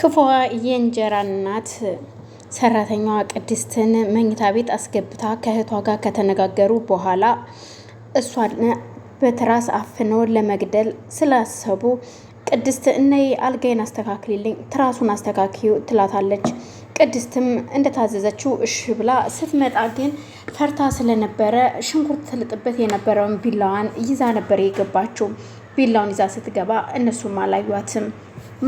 ክፉዋ የእንጀራ እናት ሰራተኛዋ ቅድስትን መኝታ ቤት አስገብታ ከእህቷ ጋር ከተነጋገሩ በኋላ እሷን በትራስ አፍነው ለመግደል ስላሰቡ ቅድስት እነይ አልጋይን አስተካክልልኝ፣ ትራሱን አስተካክዩ ትላታለች። ቅድስትም እንደታዘዘችው እሽ ብላ ስትመጣ ግን ፈርታ ስለነበረ ሽንኩርት ትልጥበት የነበረውን ቢላዋን ይዛ ነበር የገባችው። ቢላውን ይዛ ስትገባ እነሱም አላዩትም።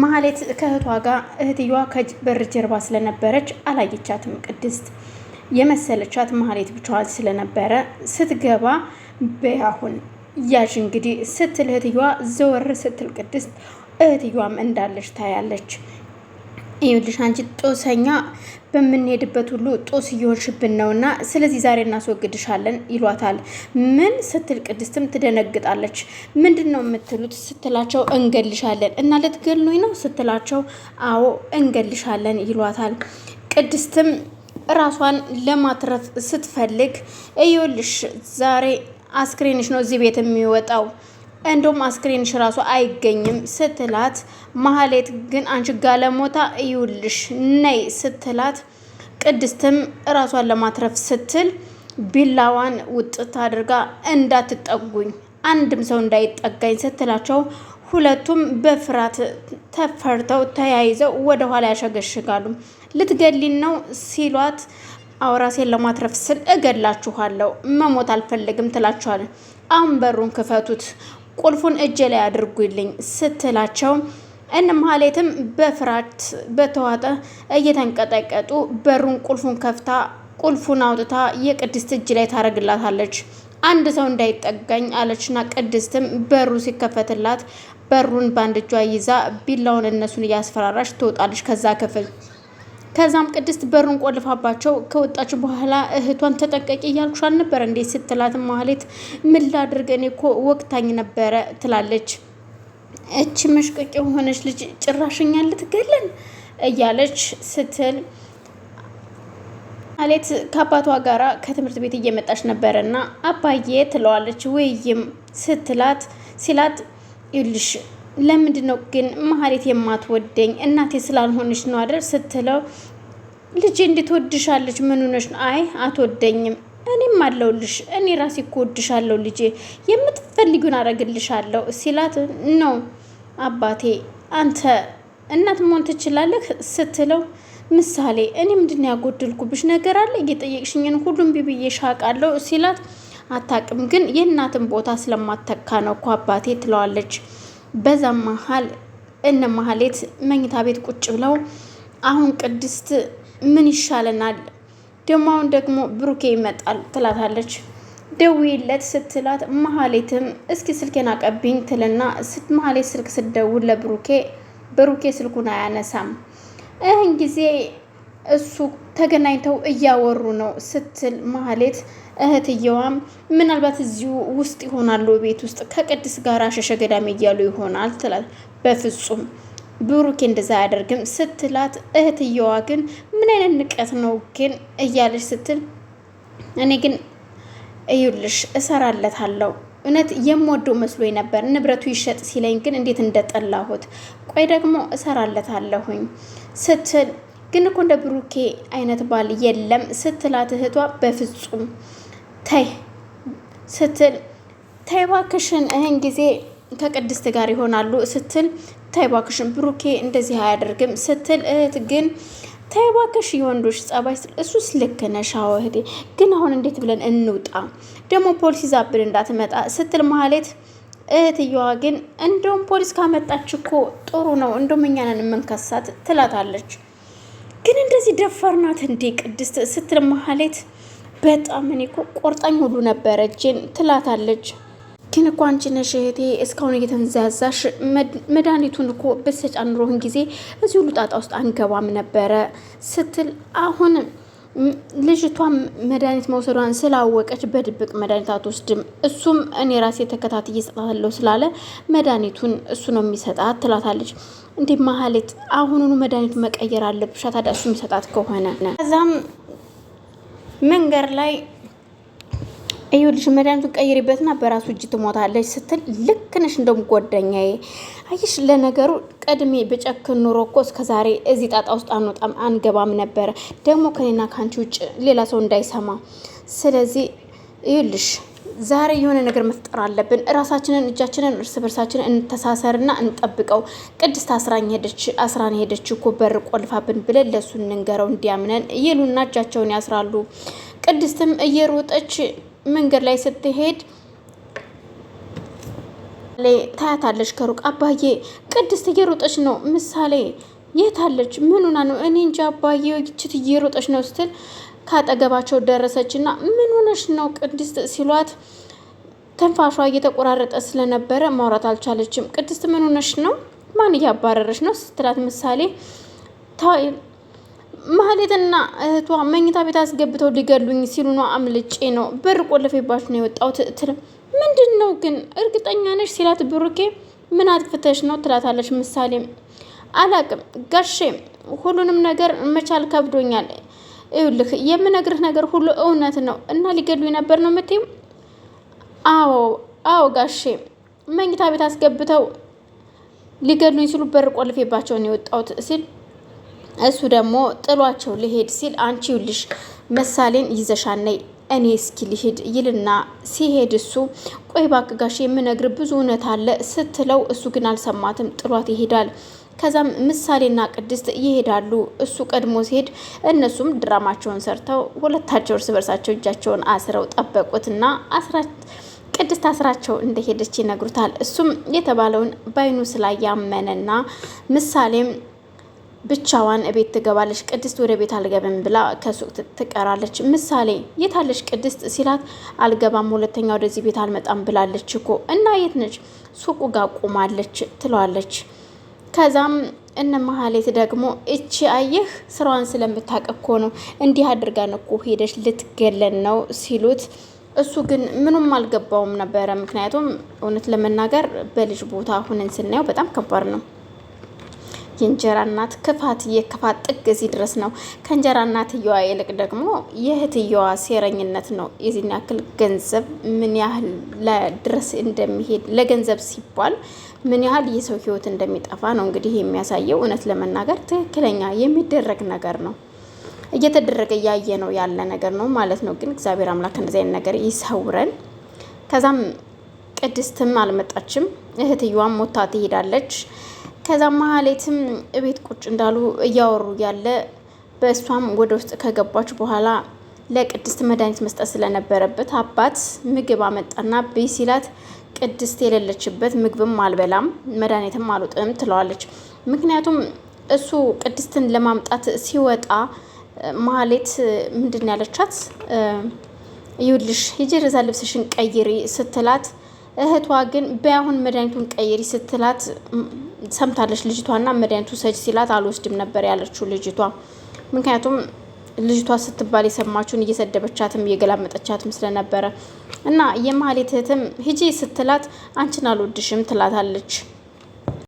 ማህሌት ከእህቷ ጋር እህትየዋ ከበር ጀርባ ስለነበረች አላየቻትም። ቅድስት የመሰለቻት ማህሌት ብቻዋን ስለነበረ ስትገባ በያሁን ያዥ እንግዲህ ስትል እህትየዋ ዘወር ስትል ቅድስት እህትዮዋም እንዳለች ታያለች። ይኸውልሽ አንቺ ጦሰኛ በምንሄድበት ሁሉ ጦስ እየሆንሽብን ነው እና ስለዚህ ዛሬ እናስወግድሻለን ይሏታል። ምን ስትል ቅድስትም ትደነግጣለች። ምንድን ነው የምትሉት ስትላቸው እንገልሻለን እና ልትገሉኝ ነው ስትላቸው አዎ እንገልሻለን ይሏታል። ቅድስትም ራሷን ለማትረፍ ስትፈልግ ይኸውልሽ ዛሬ አስክሬንሽ ነው እዚህ ቤት የሚወጣው እንዶም አስክሬንሽ ራሱ አይገኝም ስትላት፣ ማህሌት ግን አንቺ ጋለሞታ እዩልሽ ነይ ስትላት፣ ቅድስትም ራሷን ለማትረፍ ስትል ቢላዋን ውጥት አድርጋ እንዳትጠጉኝ አንድም ሰው እንዳይጠጋኝ ስትላቸው ሁለቱም በፍርሃት ተፈርተው ተያይዘው ወደ ኋላ ያሸገሽጋሉ። ልትገሊን ነው ሲሏት አውራሴን ለማትረፍ ስል እገላችኋለሁ፣ መሞት አልፈልግም ትላችኋለን። አሁን በሩን ክፈቱት፣ ቁልፉን እጅ ላይ አድርጉልኝ ስትላቸው እንማሌትም በፍርሃት በተዋጠ እየተንቀጠቀጡ በሩን ቁልፉን ከፍታ ቁልፉን አውጥታ የቅድስት እጅ ላይ ታደርግላታለች። አንድ ሰው እንዳይጠጋኝ አለችና ቅድስትም በሩ ሲከፈትላት በሩን በአንድ እጇ ይዛ ቢላውን እነሱን እያስፈራራች ትወጣለች ከዛ ክፍል ከዛም ቅድስት በሩን ቆልፋባቸው ከወጣች በኋላ እህቷን ተጠንቀቂ እያልኩሽ አልነበረ እንዴ ስትላት ማህሌት ምን ላድርግ እኔ እኮ ወቅታኝ ነበረ ትላለች። እች መሽቀቅ የሆነች ልጅ ጭራሽኛ ልትገለን እያለች ስትል ማህሌት ከአባቷ ጋራ ከትምህርት ቤት እየመጣች ነበረ ነበረና አባዬ ትለዋለች። ውይይም ስትላት ሲላት ይልሽ ለምንድን ነው ግን መሀሌት የማትወደኝ? እናቴ ስላልሆነች ነው አደር ስትለው ልጄ እንዴት ወድሻለች? ምን ሆነሽ ነው? አይ አትወደኝም። እኔም አለውልሽ። እኔ ራሴ እኮ ወድሻለሁ ልጄ፣ የምትፈልጊውን አረግልሻለሁ ሲላት ነው አባቴ አንተ እናት መሆን ትችላለህ ስትለው ምሳሌ እኔ ምንድን ያጎድልኩብሽ ነገር አለ? እየጠየቅሽኝን ሁሉም ቢብዬ ሻቃለሁ ሲላት አታቅም፣ ግን የእናትን ቦታ ስለማተካ ነው እኮ አባቴ ትለዋለች። በዛ መሀል እነ መሀሌት መኝታ ቤት ቁጭ ብለው አሁን ቅድስት ምን ይሻለናል ደግሞ አሁን ደግሞ ብሩኬ ይመጣል ትላታለች። ደውይለት ስትላት መሀሌትም እስኪ ስልኬን አቀብኝ ትልና መሀሌት ስልክ ስደውል ለብሩኬ ብሩኬ ስልኩን አያነሳም። ይህን ጊዜ እሱ ተገናኝተው እያወሩ ነው ስትል ማህሌት እህትየዋም ምናልባት እዚሁ ውስጥ ይሆናሉ ቤት ውስጥ ከቅድስ ጋር ሸሸገዳሜ እያሉ ይሆናል ትላል። በፍጹም ብሩኬ እንደዛ አያደርግም ስትላት፣ እህትየዋ ግን ምን አይነት ንቀት ነው ግን እያለች ስትል፣ እኔ ግን እዩልሽ እሰራለታለሁ እውነት የምወደው መስሎ ነበር። ንብረቱ ይሸጥ ሲለኝ ግን እንዴት እንደጠላሁት ቆይ ደግሞ እሰራለታለሁኝ ስትል ግን እኮ እንደ ብሩኬ አይነት ባል የለም ስትላት እህቷ በፍጹም ተይ ስትል ተይ እባክሽን እህን ጊዜ ከቅድስት ጋር ይሆናሉ ስትል ተይ እባክሽን ብሩኬ እንደዚህ አያደርግም ስትል እህት ግን ተይ እባክሽ የወንዶች ጸባይ ስል እሱስ ልክ ነሽ። አዎ እህቴ፣ ግን አሁን እንዴት ብለን እንውጣ? ደግሞ ፖሊስ ይዛብን እንዳትመጣ ስትል ማህሌት እህትየዋ ግን እንደውም ፖሊስ ካመጣች እኮ ጥሩ ነው እንደውም እኛንን የምንከሳት ትላታለች። ግን እንደዚህ ደፋር ናት እንዴ ቅድስት ስትል መሀሌት በጣም እኔ እኮ ቆርጣኝ ሁሉ ነበረ እጄን ትላታለች። ግን እኮ አንቺ ነሽ እህቴ እስካሁን እየተንዛዛሽ መድኃኒቱን እኮ በሰጫ ኑሮህን ጊዜ እዚህ ሁሉ ጣጣ ውስጥ አንገባም ነበረ ስትል አሁንም ልጅቷ መድኃኒት መውሰዷን ስላወቀች በድብቅ መድኃኒት አትወስድም፣ እሱም እኔ ራሴ ተከታትዬ እሰጣታለሁ ስላለ መድኃኒቱን እሱ ነው የሚሰጣት ትላታለች። እንዴ መሀሌት፣ አሁኑኑ መድኃኒቱን መቀየር አለብሻ ታዲያ እሱ የሚሰጣት ከሆነ ከዛም መንገድ ላይ ይኸውልሽ መድኃኒቱን ቀይሪበትና በራሱ እጅ ትሞታለች ስትል ልክ ነሽ፣ እንደውም ጓደኛዬ። አየሽ ለነገሩ ቀድሜ በጨክን ኑሮ እኮ እስከዛሬ እዚህ ጣጣ ውስጥ አንወጣም አንገባም ነበረ፣ ደግሞ ከኔና ከአንቺ ውጭ ሌላ ሰው እንዳይሰማ። ስለዚህ ይኸውልሽ ዛሬ የሆነ ነገር መፍጠር አለብን። እራሳችንን እጃችንን እርስ በርሳችን እንተሳሰርና እንጠብቀው። ቅድስት አስራኝ ሄደች አስራን ሄደች እኮ በር ቆልፋብን ብለን ለእሱ እንንገረው እንዲያምነን ይሉና እጃቸውን ያስራሉ። ቅድስትም እየሮጠች መንገድ ላይ ስትሄድ ታያታለች ከሩቅ። አባዬ ቅድስት እየሮጠች ነው። ምሳሌ የታለች? ምን ሆና ነው? እኔ እንጂ አባዬ ይችት እየሮጠች ነው ስትል ካጠገባቸው ደረሰች እና ምን ነው ቅድስት ሲሏት ትንፋሿ እየተቆራረጠ ስለነበረ ማውራት አልቻለችም። ቅድስት ምን ሆነች ነው? ማን እያባረረች ነው ስትላት ምሳሌ ማህሌትና እህቷ መኝታ ቤት አስገብተው ሊገሉኝ ሲሉ ነው አምልጬ ነው በር ቆልፌባችሁ ነው የወጣሁት ትልም ምንድን ነው ግን እርግጠኛ ነሽ ሲላት ብሩኬ ምን አጥፍተሽ ነው ትላታለች ምሳሌ አላቅም ጋሼ ሁሉንም ነገር መቻል ከብዶኛል ይኸውልህ የምነግርህ ነገር ሁሉ እውነት ነው እና ሊገሉኝ ነበር ነው የምትይው አዎ አዎ ጋሼ መኝታ ቤት አስገብተው ሊገሉኝ ሲሉ በር ቆልፌባቸውን የወጣሁት ሲል እሱ ደግሞ ጥሏቸው ሊሄድ ሲል አንቺ ይኸውልሽ ምሳሌን ይዘሻን ነይ እኔ እስኪ ሊሄድ ይልና ሲሄድ እሱ ቆይ እባክህ ጋሼ ብዙ እውነት አለ ስትለው እሱ ግን አልሰማትም፣ ጥሏት ይሄዳል። ከዛም ምሳሌና ቅድስት ይሄዳሉ። እሱ ቀድሞ ሲሄድ እነሱም ድራማቸውን ሰርተው ሁለታቸው እርስ በርሳቸው እጃቸውን አስረው ጠበቁትና ቅድስት አስራቸው እንደሄደች ይነግሩታል። እሱም የተባለውን በአይኑ ስላያመነና ምሳሌም ብቻዋን እቤት ትገባለች። ቅድስት ወደ ቤት አልገብም ብላ ከሱቅ ትቀራለች። ምሳሌ የታለች ቅድስት ሲላት አልገባም፣ ሁለተኛ ወደዚህ ቤት አልመጣም ብላለች እኮ እና የት ነች? ሱቁ ጋር ቁማለች ትለዋለች። ከዛም እነ መሀሌት ደግሞ እቺ አየህ ስራዋን ስለምታውቅ እኮ ነው እንዲህ አድርጋን እኮ ሄደች ልትገለን ነው ሲሉት እሱ ግን ምኑም አልገባውም ነበረ። ምክንያቱም እውነት ለመናገር በልጅ ቦታ ሁነን ስናየው በጣም ከባድ ነው። የእንጀራ እናት ክፋት የክፋት ጥግ እዚህ ድረስ ነው። ከእንጀራ እናትየዋ ይልቅ ደግሞ የእህትየዋ ሴረኝነት ነው የዚህን ያክል ገንዘብ ምን ያህል ለድረስ እንደሚሄድ ለገንዘብ ሲባል ምን ያህል የሰው ህይወት እንደሚጠፋ ነው እንግዲህ የሚያሳየው። እውነት ለመናገር ትክክለኛ የሚደረግ ነገር ነው እየተደረገ እያየ ነው ያለ ነገር ነው ማለት ነው። ግን እግዚአብሔር አምላክ እንደዚህ አይነት ነገር ይሰውረን። ከዛም ቅድስትም አልመጣችም፣ እህትየዋም ሞታ ትሄዳለች። ከዛም ማህሌትም እቤት ቁጭ እንዳሉ እያወሩ ያለ በእሷም ወደ ውስጥ ከገባች በኋላ ለቅድስት መድኃኒት መስጠት ስለነበረበት አባት ምግብ አመጣና ብይ ሲላት ቅድስት የሌለችበት ምግብም አልበላም መድኃኒትም አልውጥም ትለዋለች። ምክንያቱም እሱ ቅድስትን ለማምጣት ሲወጣ ማሌት ምንድን ያለቻት ይውልሽ የጀረዛ ልብስሽን ቀይሪ ስትላት እህቷ ግን በያሁን መድኃኒቱን ቀይሪ ስትላት ሰምታለች ልጅቷና መድኃኒቱ ሰጅ ሲላት አልወስድም ነበር ያለችው ልጅቷ። ምክንያቱም ልጅቷ ስትባል የሰማችውን እየሰደበቻትም እየገላመጠቻትም ስለነበረ እና የመሀሌት እህትም ሂጂ ስትላት አንቺን አልወድሽም ትላታለች።